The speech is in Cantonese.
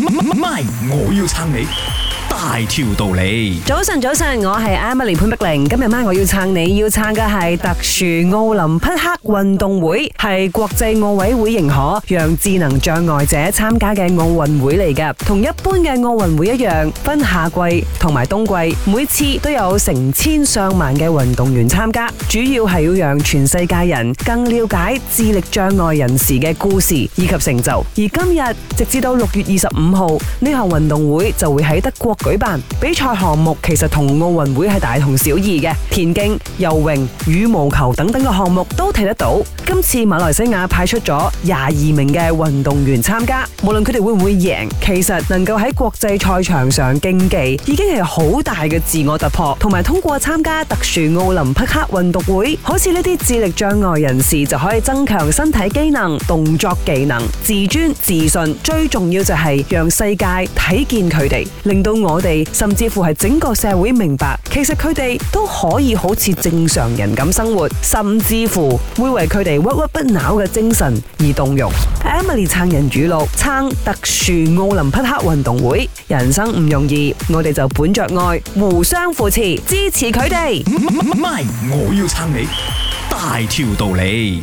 MY，我要撐你。大條道理。早晨，早晨，我係阿 l y 潘碧玲。今日晚上我要撐，你要撐嘅係特殊奧林匹克運動會，係國際奧委會認可讓智能障礙者參加嘅奧運會嚟嘅。同一般嘅奧運會一樣，分夏季同埋冬季，每次都有成千上萬嘅運動員參加，主要係要讓全世界人更了解智力障礙人士嘅故事以及成就。而今日直至到六月二十五號，呢項運動會就會喺德國舉辦比賽項目其實同奧運會係大同小異嘅，田徑、游泳、羽毛球等等嘅項目都睇得到。今次馬來西亞派出咗廿二名嘅運動員參加，無論佢哋會唔會贏，其實能夠喺國際賽場上競技，已經係好大嘅自我突破。同埋通過參加特殊奧林匹克運動會，好似呢啲智力障礙人士就可以增強身體機能、動作技能、自尊、自信，最重要就係讓世界睇見佢哋，令到我哋甚至乎係整個社會明白，其實佢哋都可以好似正常人咁生活，甚至乎會為佢哋。屈屈不撓嘅精神而動容。Emily 撐人語錄，撐特殊奧林匹克運動會。人生唔容易，我哋就本着愛，互相扶持，支持佢哋。唔係，我要撐你，大條道理。